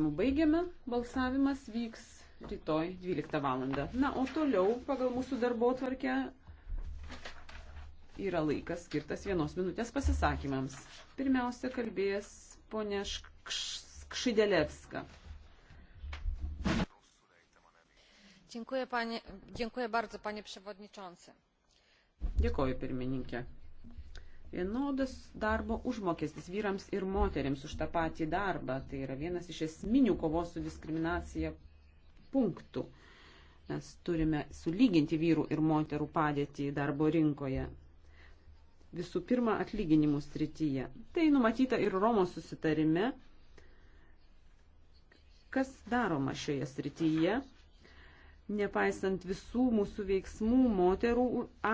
klausimų baigiame. Balsavimas vyks rytoj 12 val. Na, o toliau pagal mūsų darbo tvarkę yra laikas skirtas vienos minutės pasisakymams. Pirmiausia, kalbės ponė Kšidelevska. Dziękuję, panie, dziękuję bardzo, panie przewodniczący. Dėkoju, pirmininkė. Vienodas darbo užmokestis vyrams ir moteriams už tą patį darbą. Tai yra vienas iš esminių kovos su diskriminacija punktų. Mes turime sulyginti vyrų ir moterų padėtį darbo rinkoje. Visų pirma, atlyginimų srityje. Tai numatyta ir Romos susitarime. Kas daroma šioje srityje? Nepaisant visų mūsų veiksmų, moterų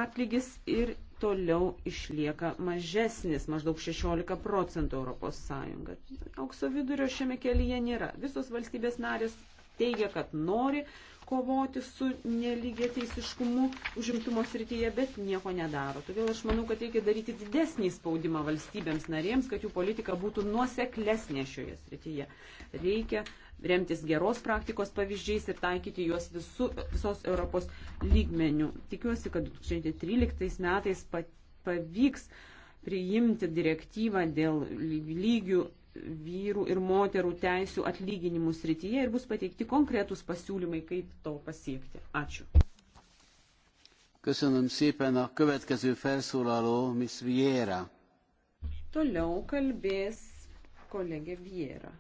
atlygis ir toliau išlieka mažesnis, maždaug 16 procentų Europos Sąjunga. Aukso vidurio šiame kelyje nėra. Visos valstybės narės teigia, kad nori kovoti su neligė teisiškumu užimtumo srityje, bet nieko nedaro. Todėl aš manau, kad reikia daryti didesnį spaudimą valstybėms narėms, kad jų politika būtų nuoseklesnė šioje srityje. Reikia remtis geros praktikos pavyzdžiais ir taikyti juos visu, visos Europos lygmenių. Tikiuosi, kad 2013 metais pa, pavyks priimti direktyvą dėl lygių vyrų ir moterų teisų atlyginimų srityje ir bus pateikti konkretūs pasiūlymai, kaip to pasiekti. Ačiū. Köszönöm szépen a következő felszólaló, Miss Viera. Toliau kalbės kolegė Viera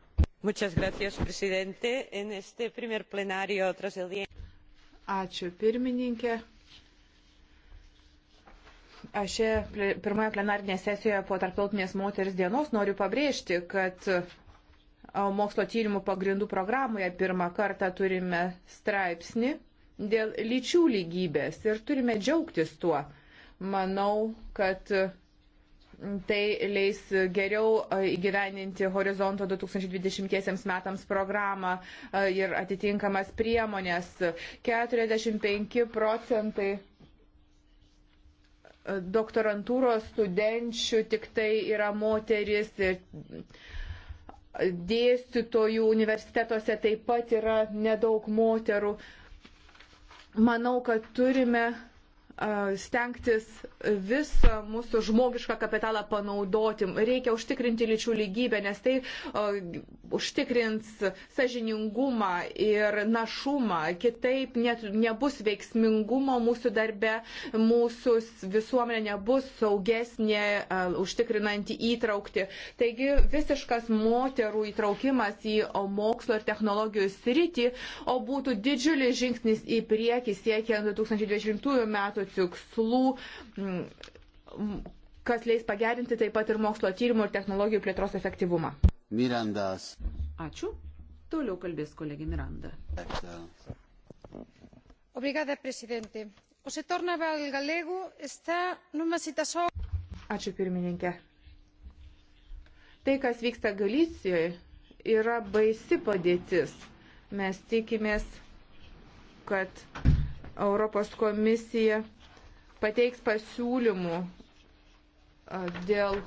señor presidente en este primer plenario tras el día. ačiū pirmininke. Aš pirmoje plenarinėje sesijoje po tarptautinės moters dienos noriu pabrėžti, kad mokslo tyrimų pagrindų programoje pirmą kartą turime straipsnį dėl lyčių lygybės ir turime džiaugtis tuo. Manau, kad Tai leis geriau įgyveninti horizonto 2020 metams programą ir atitinkamas priemonės. 45 procentai doktorantūros studenčių tik tai yra moteris. Dėstytojų universitetuose taip pat yra nedaug moterų. Manau, kad turime stengtis visą mūsų žmogišką kapitalą panaudoti. Reikia užtikrinti lyčių lygybę, nes tai užtikrins sažiningumą ir našumą. Kitaip net nebus veiksmingumo mūsų darbe, mūsų visuomenė nebus saugesnė, užtikrinanti įtraukti. Taigi visiškas moterų įtraukimas į mokslo ir technologijų sritį, o būtų didžiulis žingsnis į priekį siekiant 2020 metų tikslų, kas leis pagerinti taip pat ir mokslo tyrimų ir technologijų plėtros efektyvumą. Mirandas. Ačiū. Toliau kalbės kolegė Miranda. Obrigada, prezidentė. O se torna val galego, está numa situação. Ačiū pirmininkė. Tai, kas vyksta Galicijoje, yra baisi padėtis. Mes tikimės, kad Europos komisija pateiks pasiūlymų dėl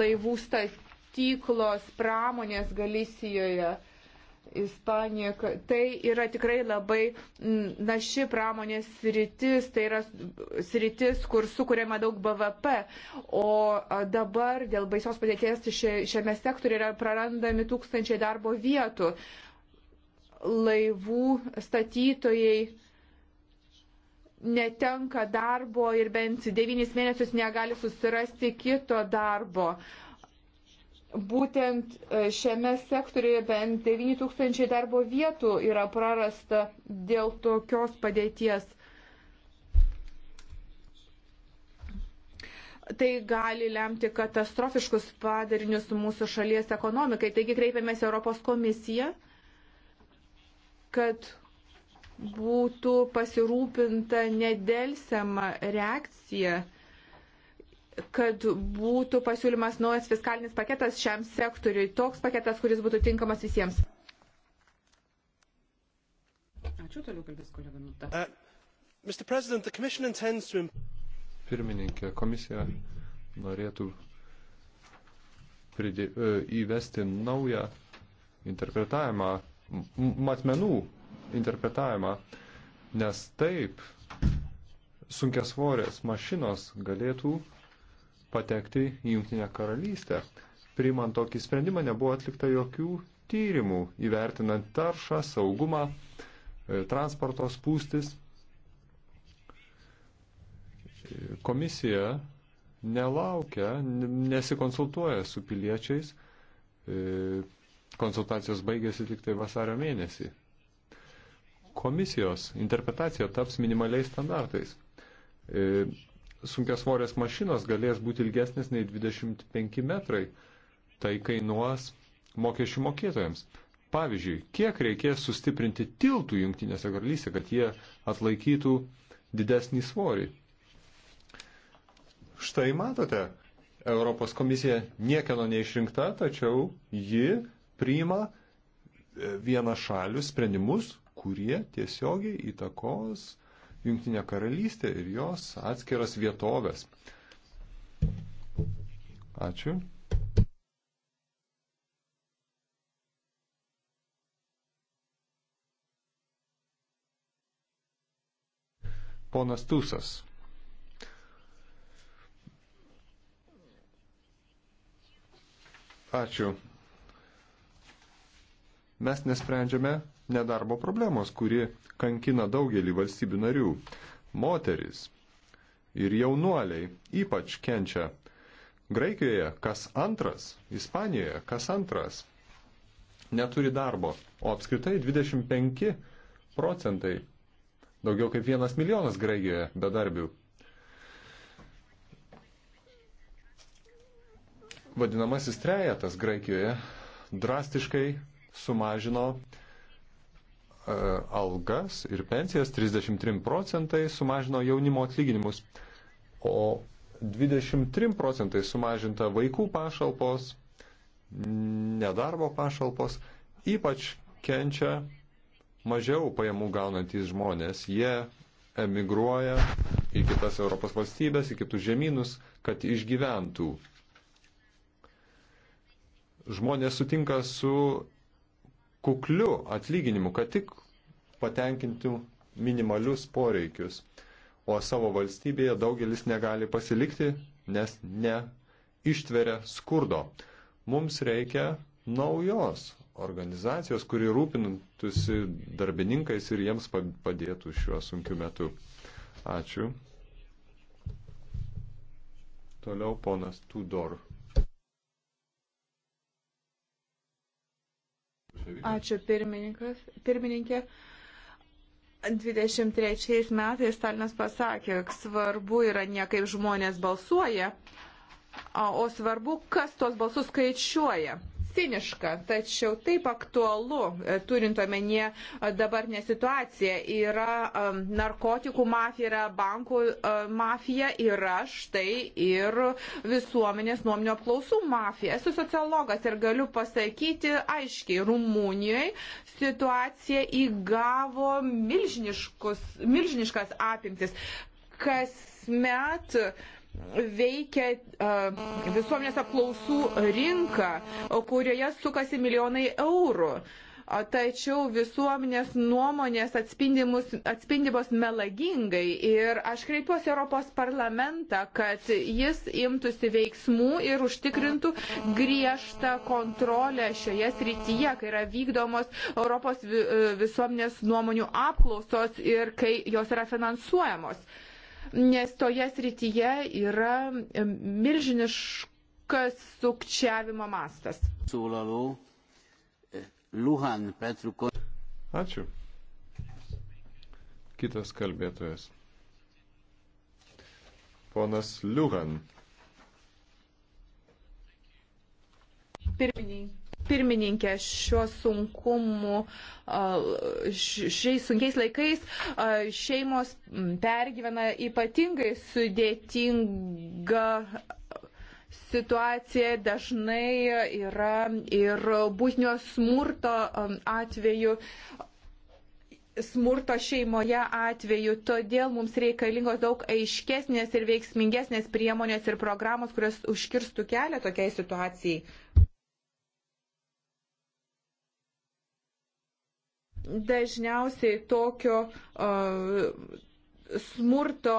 laivų statyklos pramonės Galisijoje. Ispanija. Tai yra tikrai labai naši pramonės sritis, tai yra sritis, kur sukūrėme daug BVP, o dabar dėl baisios padėties šiame sektoriu yra prarandami tūkstančiai darbo vietų. Laivų statytojai netenka darbo ir bent devynis mėnesius negali susirasti kito darbo. Būtent e, šiame sektoriuje bent 9 tūkstančiai darbo vietų yra prarasta dėl tokios padėties. tai gali lemti katastrofiškus padarinius mūsų šalies ekonomikai. Taigi kreipiamės Europos komisiją, kad būtų pasirūpinta nedelsiama reakcija, kad būtų pasiūlymas naujas fiskalinis paketas šiam sektoriui, toks paketas, kuris būtų tinkamas visiems. Ačiū, toliau kalbės kolega Nuta. Uh, to... Pirmininkė, komisija norėtų pridė, uh, įvesti naują interpretavimą matmenų interpretavimą, nes taip sunkiasvorės mašinos galėtų patekti į Junktinę karalystę. Priimant tokį sprendimą nebuvo atlikta jokių tyrimų įvertinant taršą, saugumą, e, transporto spūstis. Komisija nelaukia, nesikonsultuoja su piliečiais. E, konsultacijos baigėsi tik tai vasario mėnesį komisijos interpretacija taps minimaliais standartais. E, Sunkios svorės mašinos galės būti ilgesnės nei 25 metrai. Tai kainuos mokesčių mokėtojams. Pavyzdžiui, kiek reikės sustiprinti tiltų jungtinėse karalystėse, kad jie atlaikytų didesnį svorį. Štai matote, Europos komisija niekieno neišrinkta, tačiau ji priima vieną šalių sprendimus, kurie tiesiogiai įtakos Junktinę karalystę ir jos atskiras vietovės. Ačiū. Ponas Tūsas. Ačiū. Mes nesprendžiame nedarbo problemos, kuri kankina daugelį valstybių narių. Moteris ir jaunuoliai ypač kenčia. Graikijoje kas antras, Ispanijoje kas antras neturi darbo, o apskritai 25 procentai, daugiau kaip vienas milijonas Graikijoje bedarbių. Vadinamasis trejetas Graikijoje drastiškai sumažino E, algas ir pensijas 33 procentai sumažino jaunimo atlyginimus, o 23 procentai sumažinta vaikų pašalpos, nedarbo pašalpos, ypač kenčia mažiau pajamų gaunantys žmonės. Jie emigruoja į kitas Europos valstybės, į kitus žemynus, kad išgyventų. Žmonės sutinka su kukliu atlyginimu, kad tik patenkintų minimalius poreikius. O savo valstybėje daugelis negali pasilikti, nes neištveria skurdo. Mums reikia naujos organizacijos, kuri rūpintųsi darbininkais ir jiems padėtų šiuo sunkiu metu. Ačiū. Toliau ponas Tudor. Ačiū pirmininkė. 23 metais Stalinas pasakė, kad svarbu yra ne kaip žmonės balsuoja, o svarbu, kas tuos balsus skaičiuoja ciniška, tačiau taip aktualu, e, turint omenyje e, dabartinę situaciją, yra narkotikų mafija, yra bankų e, mafija, yra štai ir visuomenės nuomonio apklausų mafija. Esu sociologas ir galiu pasakyti aiškiai, Rumunijoje situacija įgavo milžiniškas apimtis. Kasmet veikia visuomenės apklausų rinka, kurioje sukasi milijonai eurų tačiau visuomenės nuomonės atspindimos melagingai. Ir aš kreipiuosi Europos parlamentą, kad jis imtųsi veiksmų ir užtikrintų griežtą kontrolę šioje srityje, kai yra vykdomos Europos e, visuomenės nuomonių apklausos ir kai jos yra finansuojamos nes toje srityje yra milžiniškas sukčiavimo mastas. E, Ačiū. Kitas kalbėtojas. Ponas Liuhan. Pirmininkai pirmininkė, šiuo sunkumu, šiais sunkiais laikais šeimos pergyvena ypatingai sudėtingą situacija dažnai yra ir būtinio smurto atveju smurto šeimoje atveju. Todėl mums reikalingos daug aiškesnės ir veiksmingesnės priemonės ir programos, kurios užkirstų kelią tokiai situacijai. dažniausiai tokio uh, smurto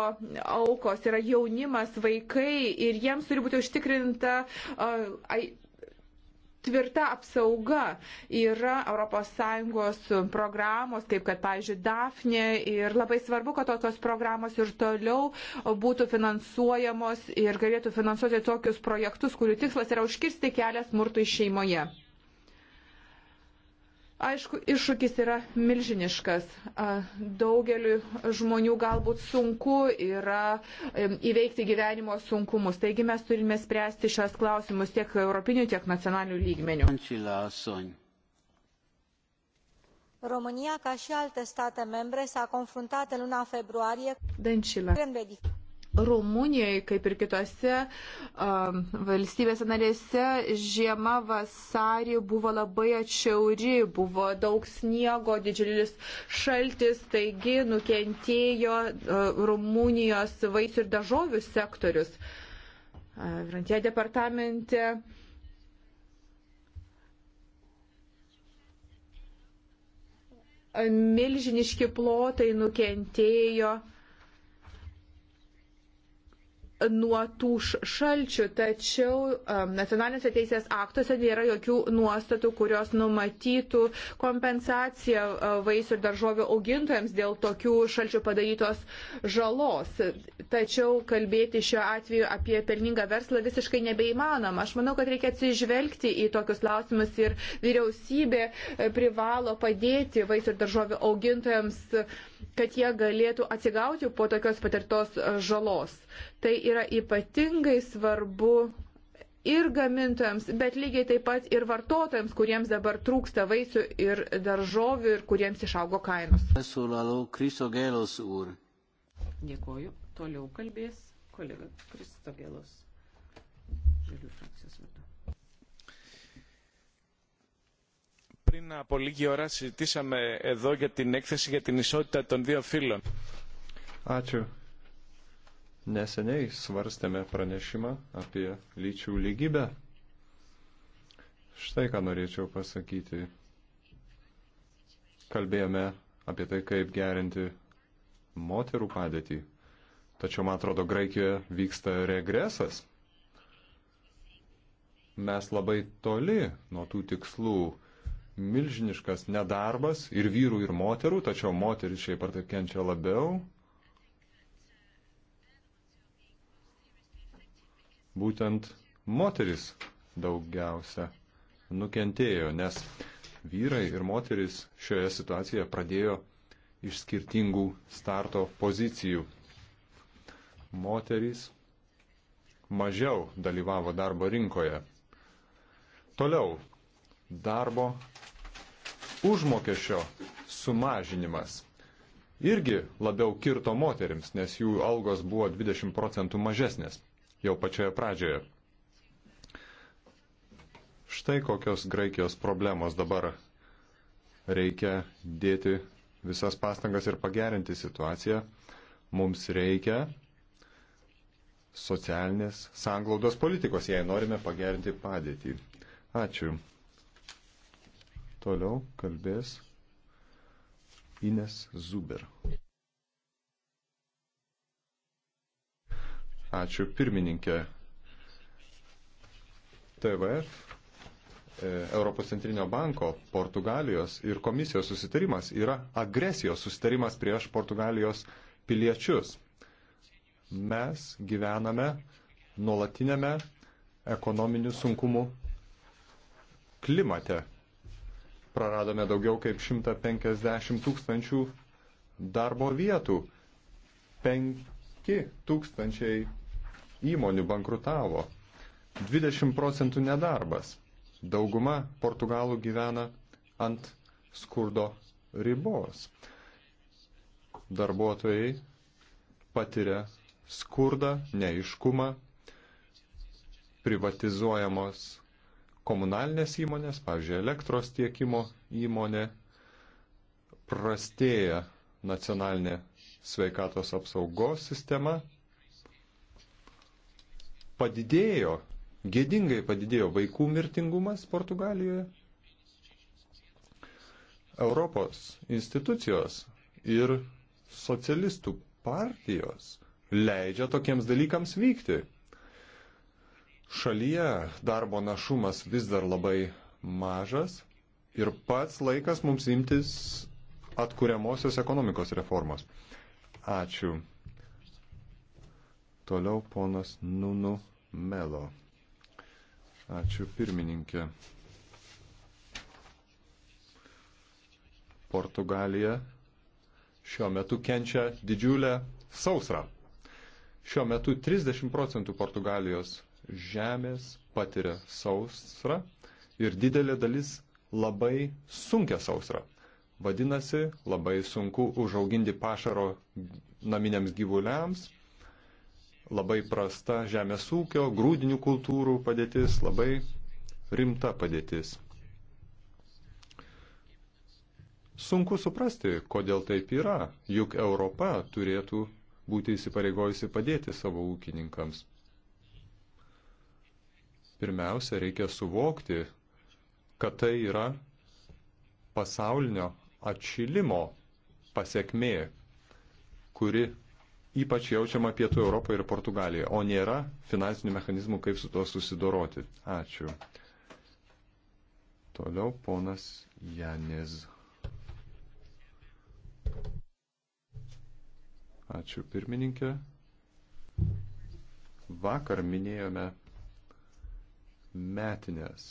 aukos yra jaunimas, vaikai ir jiems turi būti užtikrinta uh, tvirta apsauga yra ES programos, kaip kad, pavyzdžiui, DAFNE ir labai svarbu, kad tokios programos ir toliau būtų finansuojamos ir galėtų finansuoti tokius projektus, kurių tikslas yra užkirsti kelią smurtui šeimoje. Aišku, iššūkis yra milžiniškas. Daugeliu žmonių galbūt sunku yra įveikti gyvenimo sunkumus. Taigi mes turime spręsti šios klausimus tiek europinių, tiek nacionalinių lygmenių. România, ca și alte state membre, s-a confruntat în luna februarie. Dăncilă. Rumunijoje, kaip ir kitose um, valstybėse narėse, žiema vasarį buvo labai atšiauri, buvo daug sniego, didžiulis šaltis, taigi nukentėjo uh, Rumunijos vaisių ir dažovių sektorius. Uh, Rantie departamente uh, milžiniški plotai nukentėjo nuo tų šalčių, tačiau um, nacionaliniuose teisės aktuose nėra jokių nuostatų, kurios numatytų kompensaciją uh, vaisių ir daržovių augintojams dėl tokių šalčių padarytos žalos. Tačiau kalbėti šiuo atveju apie pelningą verslą visiškai nebeįmanoma. Aš manau, kad reikia atsižvelgti į tokius klausimus ir vyriausybė uh, privalo padėti vaisių ir daržovių augintojams. Uh, kad jie galėtų atsigauti po tokios patirtos e, žalos. Tai yra ypatingai svarbu ir gamintojams, bet lygiai taip pat ir vartotojams, kuriems dabar trūksta vaisių ir daržovių ir kuriems išaugo kainos. Dėkoju. Toliau kalbės kolega Kristogėlos. Žalių frakcijos. πριν από λίγη ώρα συζητήσαμε εδώ για την έκθεση για την ισότητα των δύο φύλων. Ačiū. Neseniai svarstėme pranešimą apie lyčių lygybę. Štai ką norėčiau pasakyti. Kalbėjome apie tai, kaip gerinti moterų padėtį. Tačiau, man atrodo, Graikijoje vyksta regresas. Mes labai toli nuo tų tikslų, milžiniškas nedarbas ir vyrų, ir moterų, tačiau moteris šiaip ar taip kenčia labiau. Būtent moteris daugiausia nukentėjo, nes vyrai ir moteris šioje situacijoje pradėjo iš skirtingų starto pozicijų. Moterys mažiau dalyvavo darbo rinkoje. Toliau darbo užmokesčio sumažinimas irgi labiau kirto moterims, nes jų algos buvo 20 procentų mažesnės jau pačioje pradžioje. Štai kokios Graikijos problemos dabar reikia dėti visas pastangas ir pagerinti situaciją. Mums reikia socialinės sanglaudos politikos, jei norime pagerinti padėtį. Ačiū. Toliau kalbės Ines Zuber. Ačiū pirmininkė. TVF, e, Europos centrinio banko, Portugalijos ir komisijos susitarimas yra agresijos susitarimas prieš Portugalijos piliečius. Mes gyvename nuolatinėme ekonominių sunkumų klimate praradome daugiau kaip 150 tūkstančių darbo vietų. 5 tūkstančiai įmonių bankrutavo. 20 procentų nedarbas. Dauguma portugalų gyvena ant skurdo ribos. Darbuotojai patiria skurdą, neiškumą, privatizuojamos komunalinės įmonės, pavyzdžiui, elektros tiekimo įmonė, prastėja nacionalinė sveikatos apsaugos sistema, padidėjo, gėdingai padidėjo vaikų mirtingumas Portugalijoje. Europos institucijos ir socialistų partijos leidžia tokiems dalykams vykti. Šalyje darbo našumas vis dar labai mažas ir pats laikas mums imtis atkuriamosios ekonomikos reformos. Ačiū. Toliau ponas Nunu Melo. Ačiū pirmininkė. Portugalija šiuo metu kenčia didžiulę sausrą. Šiuo metu 30 procentų Portugalijos žemės patiria sausrą ir didelė dalis labai sunkia sausrą. Vadinasi, labai sunku užauginti pašaro naminiams gyvuliams, labai prasta žemės ūkio, grūdinių kultūrų padėtis, labai rimta padėtis. Sunku suprasti, kodėl taip yra, juk Europa turėtų būti įsipareigojusi padėti savo ūkininkams pirmiausia, reikia suvokti, kad tai yra pasaulinio atšilimo pasiekmė, kuri ypač jaučiama Pietų Europoje ir Portugalijoje, o nėra finansinių mechanizmų, kaip su tuo susidoroti. Ačiū. Toliau ponas Janės. Ačiū pirmininkė. Vakar minėjome metinės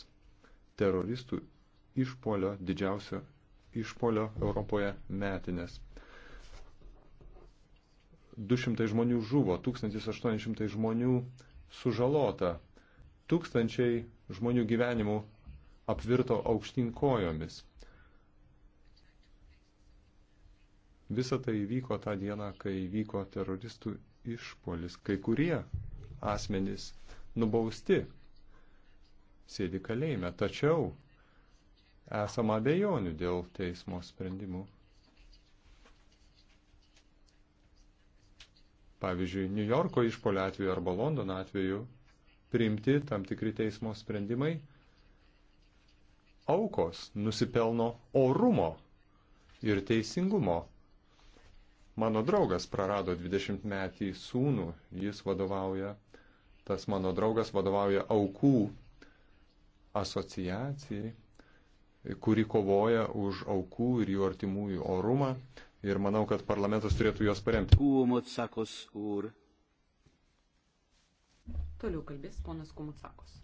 teroristų išpolio, didžiausio išpolio Europoje metinės. 200 žmonių žuvo, 1800 žmonių sužalota, tūkstančiai žmonių gyvenimų apvirto aukštinkojomis. Visa tai vyko tą dieną, kai vyko teroristų išpolis. Kai kurie asmenys nubausti sėdi kalėjime. Tačiau esama abejonių dėl teismo sprendimų. Pavyzdžiui, New Yorko išpolio atveju arba Londono atveju priimti tam tikri teismo sprendimai aukos nusipelno orumo ir teisingumo. Mano draugas prarado 20 metį sūnų, jis vadovauja, tas mano draugas vadovauja aukų asociacijai, kuri kovoja už aukų ir jų artimųjų orumą. Ir manau, kad parlamentas turėtų juos paremti. Toliau kalbės ponas Kumutsakos.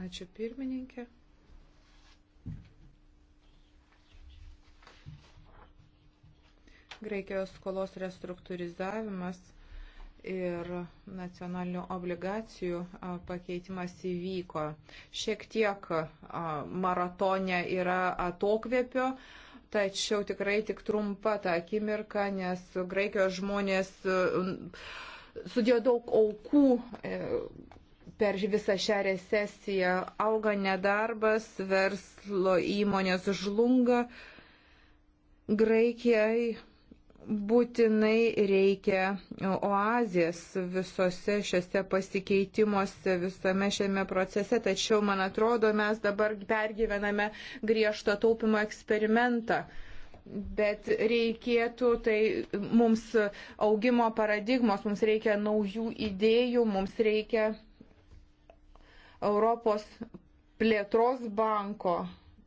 Ačiū pirmininkė. Graikijos skolos restruktūrizavimas ir nacionalinių obligacijų pakeitimas įvyko. Šiek tiek maratonė yra atokvėpio, tačiau tikrai tik trumpa ta akimirka, nes Graikijos žmonės sudėjo daug aukų e, per visą šią recesiją. Auga nedarbas, verslo įmonės žlunga. Graikijai būtinai reikia oazės visose šiuose pasikeitimuose, visame šiame procese, tačiau, man atrodo, mes dabar pergyvename griežto taupimo eksperimentą. Bet reikėtų tai mums augimo paradigmos, mums reikia naujų idėjų, mums reikia Europos plėtros banko.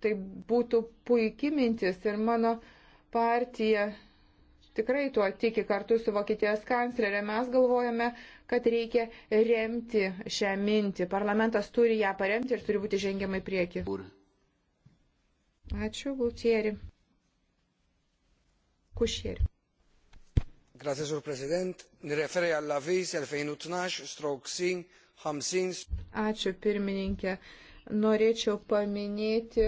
Tai būtų puikiai mintis ir mano partija tikrai tuo tiki kartu su Vokietijos kanclerė. Mes galvojame, kad reikia remti šią mintį. Parlamentas turi ją paremti ir turi būti žengiamai prieki. Ačiū, Gultieri. Kušieri. Grazie, sur prezident. Referi all'avvis 2012-50. Ačiū, pirmininkė. Norėčiau paminėti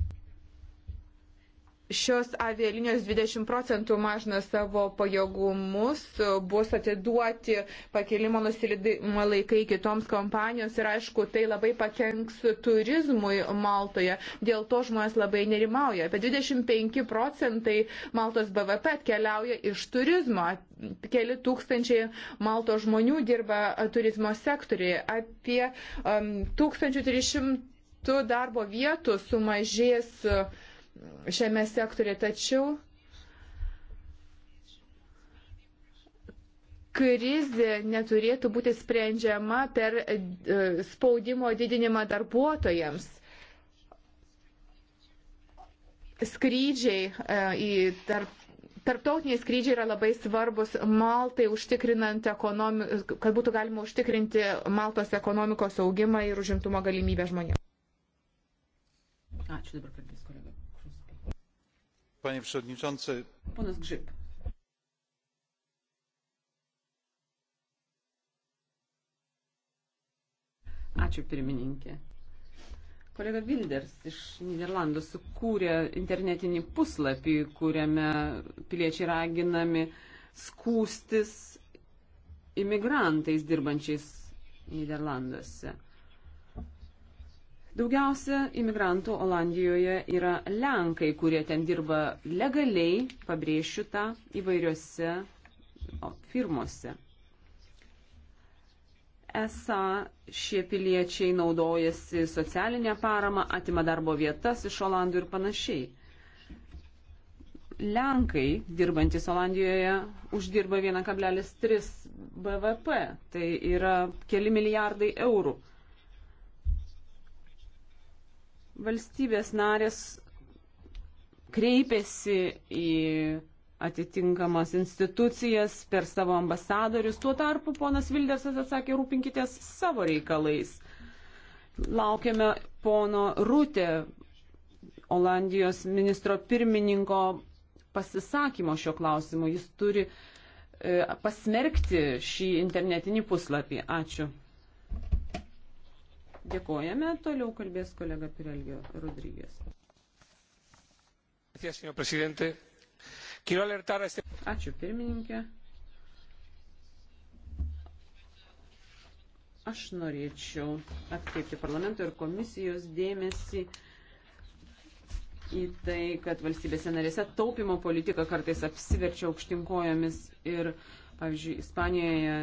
šios avialinijos 20 procentų mažina savo pajėgumus, bus atiduoti pakilimo nusileidimo laikai kitoms kompanijoms ir aišku, tai labai pakenks turizmui Maltoje. Dėl to žmonės labai nerimauja. Apie 25 procentai Maltos BVP atkeliauja iš turizmo. Keli tūkstančiai Malto žmonių dirba turizmo sektoriuje. Apie um, 1300 darbo vietų sumažės uh, šiame sektorė, tačiau krizė neturėtų būti sprendžiama per e, spaudimo didinimą darbuotojams. Skrydžiai e, į tarp. Tarptautiniai skrydžiai yra labai svarbus Maltai, užtikrinant ekonomi... kad būtų galima užtikrinti Maltos ekonomikos augimą ir užimtumo galimybę žmonėms. Ačiū dabar kalbės kolega. Panie przewodniczący. Ponas Grzyb. Ačiū pirmininkė. Kolega Wilders iš Niderlandų sukūrė internetinį puslapį, kuriame piliečiai raginami skūstis imigrantais dirbančiais Niderlanduose. Daugiausia imigrantų Olandijoje yra Lenkai, kurie ten dirba legaliai, pabrėšiu tą, įvairiose firmose esą šie piliečiai naudojasi socialinę paramą, atima darbo vietas iš Olandų ir panašiai. Lenkai, dirbantis Olandijoje, uždirba 1,3 BVP, tai yra keli milijardai eurų. Valstybės narės kreipėsi į atitinkamas institucijas per savo ambasadorius. Tuo tarpu ponas Vildersas atsakė, rūpinkitės savo reikalais. Laukiame pono Rūtė, Olandijos ministro pirmininko pasisakymo šio klausimu. Jis turi e, pasmerkti šį internetinį puslapį. Ačiū. Dėkojame, toliau kalbės kolega Pirelgio Rodrygės. Ačiū pirmininkė. Aš norėčiau atkreipti parlamento ir komisijos dėmesį į tai, kad valstybėse narėse taupimo politika kartais apsiverčia aukštinkojomis ir, pavyzdžiui, Ispanijoje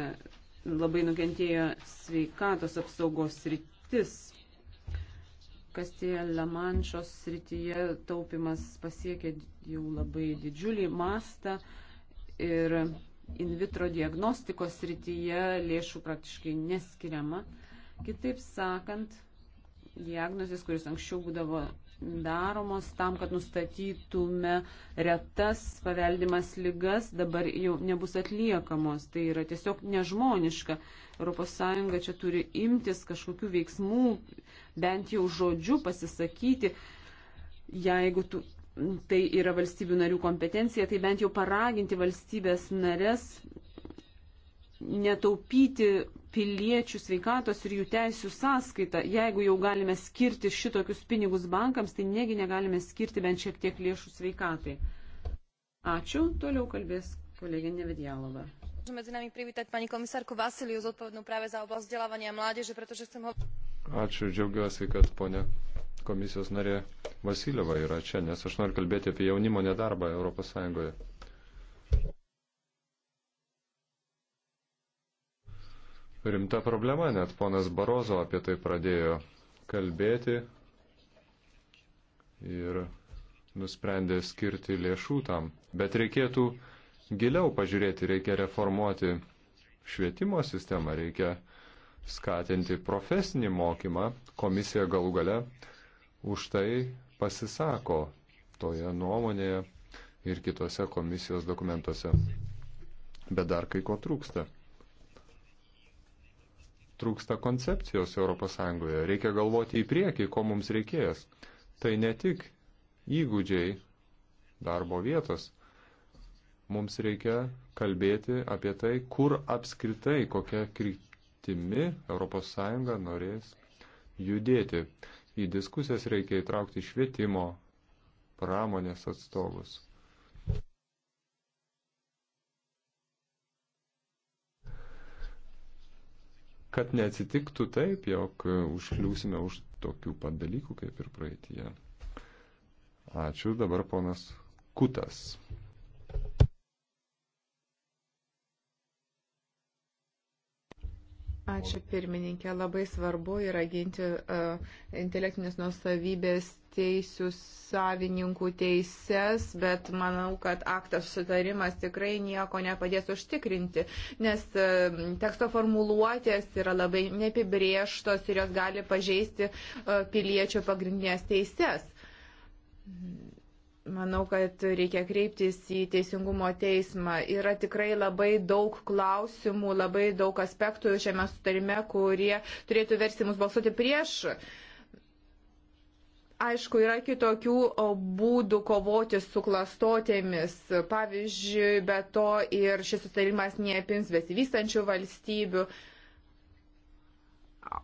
labai nukentėjo sveikatos apsaugos rytis kryptis. Kastėlė Manšos srityje taupimas pasiekė jau labai didžiulį mastą ir in vitro diagnostikos srityje lėšų praktiškai neskiriama. Kitaip sakant, diagnozės, kuris anksčiau būdavo daromos tam, kad nustatytume retas paveldimas lygas, dabar jau nebus atliekamos. Tai yra tiesiog nežmoniška. ES čia turi imtis kažkokių veiksmų, bent jau žodžiu pasisakyti, jeigu tu, tai yra valstybių narių kompetencija, tai bent jau paraginti valstybės narės netaupyti piliečių sveikatos ir jų teisų sąskaita. Jeigu jau galime skirti šitokius pinigus bankams, tai negi negalime skirti bent šiek tiek lėšų sveikatai. Ačiū. Toliau kalbės kolegė Nevedjalova. Ačiū, džiaugiuosi, kad ponė komisijos narė Vasilieva yra čia, nes aš noriu kalbėti apie jaunimo nedarbą ES. rimta problema, net ponas Barozo apie tai pradėjo kalbėti ir nusprendė skirti lėšų tam. Bet reikėtų giliau pažiūrėti, reikia reformuoti švietimo sistemą, reikia skatinti profesinį mokymą. Komisija galų gale už tai pasisako toje nuomonėje ir kitose komisijos dokumentuose. Bet dar kai ko trūksta trūksta koncepcijos ES. Reikia galvoti į priekį, ko mums reikės. Tai ne tik įgūdžiai darbo vietos. Mums reikia kalbėti apie tai, kur apskritai, kokia kryptimi ES norės judėti. Į diskusijas reikia įtraukti švietimo, pramonės atstovus. kad neatsitiktų taip, jog e, užkliūsime už tokių pat dalykų kaip ir praeitie. Ačiū dabar ponas Kutas. Ačiū pirmininkė. Labai svarbu yra ginti uh, intelektinės nusavybės teisių savininkų teises, bet manau, kad aktas sutarimas tikrai nieko nepadės užtikrinti, nes uh, teksto formuluotės yra labai neapibrieštos ir jos gali pažeisti uh, piliečių pagrindinės teises. Manau, kad reikia kreiptis į Teisingumo teismą. Yra tikrai labai daug klausimų, labai daug aspektų šiame sutarime, kurie turėtų versti mus balsuoti prieš. Aišku, yra kitokių būdų kovoti su klastotėmis. Pavyzdžiui, be to ir šis sutarimas neapims besivystančių valstybių. Uh,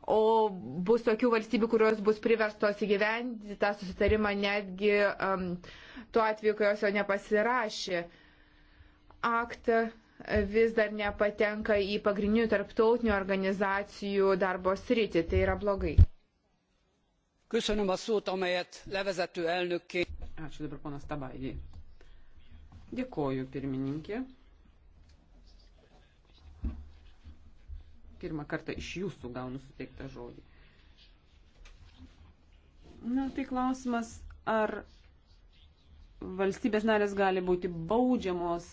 o bus tokių valstybių, kurios bus priverstos įgyvendinti tą susitarimą netgi um, tuo atveju, kai jos jo nepasirašė. Aktą vis dar nepatenka į pagrindinių tarptautinių organizacijų darbo sritį. Tai yra blogai. Köszönöm a szót, amelyet levezető elnökként. Ačiū dabar ponas Tabaidį. Dėkoju pirmininkė. pirmą kartą iš jūsų gaunu suteiktą žodį. Na, tai klausimas, ar valstybės narės gali būti baudžiamos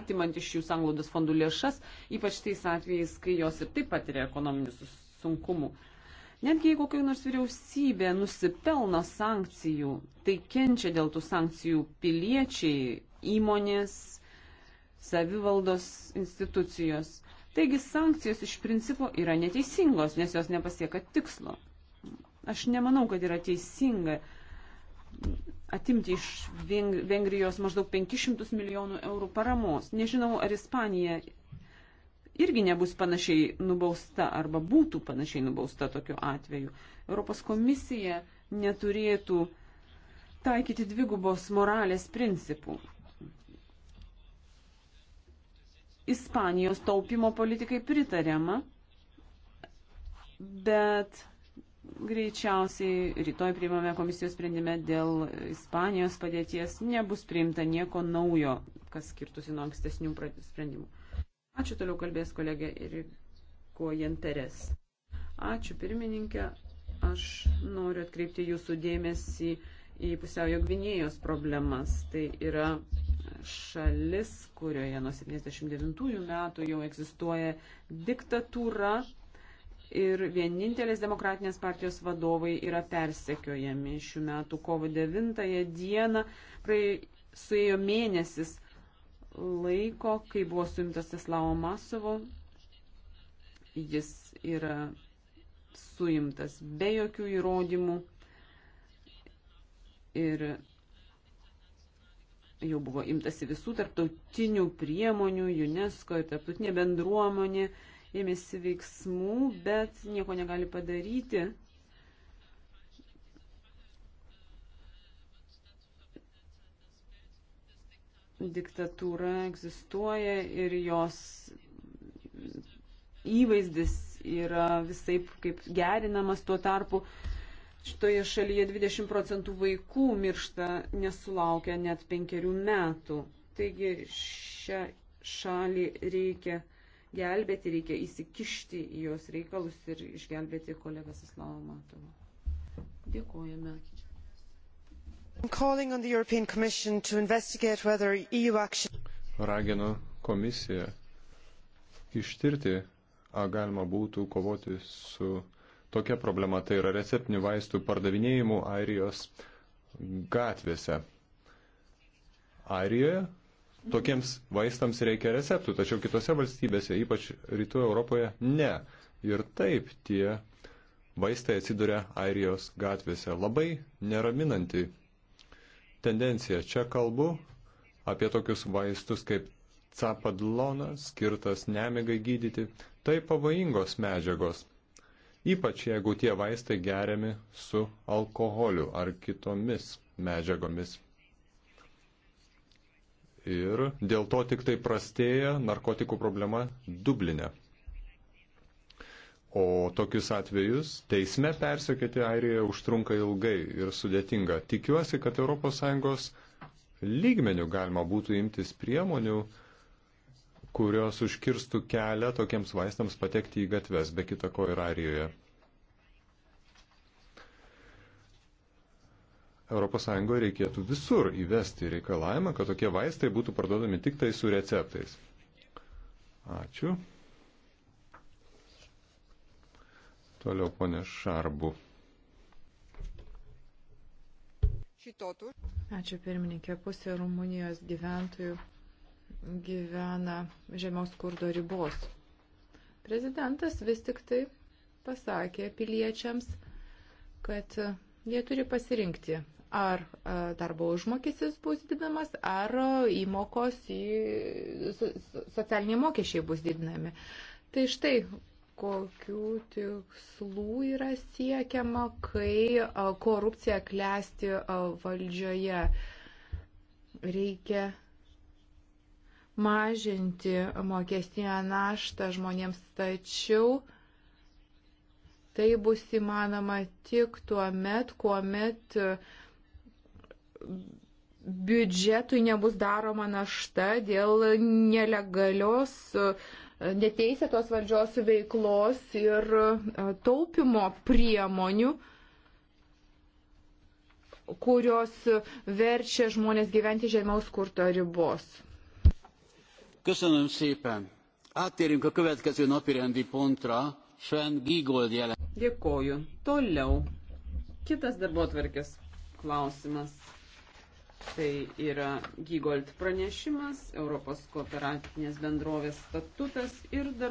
atimant iš jų sanglaudos fondų lėšas, ypač tais atvejais, kai jos ir taip patiria ekonominius sunkumų. Netgi jeigu kokia nors vyriausybė nusipelno sankcijų, tai kenčia dėl tų sankcijų piliečiai, įmonės, savivaldos institucijos. Taigi sankcijos iš principo yra neteisingos, nes jos nepasieka tikslo. Aš nemanau, kad yra teisinga atimti iš Vengrijos maždaug 500 milijonų eurų paramos. Nežinau, ar Ispanija irgi nebus panašiai nubausta arba būtų panašiai nubausta tokiu atveju. Europos komisija neturėtų taikyti dvigubos moralės principų. Ispanijos taupimo politikai pritariama, bet greičiausiai rytoj priimame komisijos sprendime dėl Ispanijos padėties, nebus priimta nieko naujo, kas skirtusi nuo ankstesnių sprendimų. Ačiū toliau kalbės kolegė ir Kojan Peres. Ačiū pirmininkė, aš noriu atkreipti jūsų dėmesį į pusiaujo gvinėjos problemas. Tai yra šalis, kurioje nuo 79 metų jau egzistuoja diktatūra ir vienintelės demokratinės partijos vadovai yra persekiojami. Šių metų kovo 9 dieną praėjo suėjo mėnesis laiko, kai buvo suimtas Teslavo Masovo. Jis yra suimtas be jokių įrodymų ir jau buvo imtasi visų tarptautinių priemonių, UNESCO ir tarptautinė bendruomonė ėmėsi veiksmų, bet nieko negali padaryti. Diktatūra egzistuoja ir jos įvaizdis yra visaip kaip gerinamas tuo tarpu. Uh, Šitoje šalyje 20 procentų vaikų miršta nesulaukia net penkerių metų. Taigi šią šalį reikia gelbėti, reikia įsikišti į jos reikalus ir išgelbėti kolegą Sislavą Matovą. Dėkojame. E action... Raginu komisiją ištirti, ar galima būtų kovoti su Tokia problema tai yra receptinių vaistų pardavinėjimų Airijos gatvėse. Airijoje tokiems vaistams reikia receptų, tačiau kitose valstybėse, ypač rytų Europoje, ne. Ir taip tie vaistai atsiduria Airijos gatvėse. Labai neraminanti tendencija. Čia kalbu apie tokius vaistus kaip capadlona, skirtas nemigai gydyti. Tai pavojingos medžiagos. Ypač jeigu tie vaistai geriami su alkoholiu ar kitomis medžiagomis. Ir dėl to tik tai prastėja narkotikų problema Dublinė. O tokius atvejus teisme persekėti Airijoje užtrunka ilgai ir sudėtinga. Tikiuosi, kad ES lygmenių galima būtų imtis priemonių, kurios užkirstų kelią tokiems vaistams patekti į gatves, be kita ko ir Arijoje. ES reikėtų visur įvesti reikalavimą, kad tokie vaistai būtų parduodami tik tai su receptais. Ačiū. Toliau ponė Šarbu. Ačiū pirmininkė, pusė Rumunijos gyventojų gyvena žemiaus skurdo ribos. Prezidentas vis tik tai pasakė piliečiams, kad jie turi pasirinkti, ar darbo užmokestis bus didinamas, ar įmokos į socialiniai mokesčiai bus didinami. Tai štai kokių tikslų yra siekiama, kai korupcija klesti valdžioje. Reikia mažinti mokestinę naštą žmonėms, tačiau tai bus įmanoma tik tuo met, kuomet e, biudžetui nebus daroma našta dėl nelegalios, e, neteisėtos valdžios veiklos ir e, taupimo priemonių kurios verčia žmonės gyventi žemiaus skurto ribos. Köszönöm szépen. Áttérünk a következő napirendi pontra. Sven Gygold jelen. Dėkoju. Toliau. Kitas darbotvarkės klausimas. Tai yra Gygold pranešimas, Europos kooperatinės bendrovės statutas ir dar.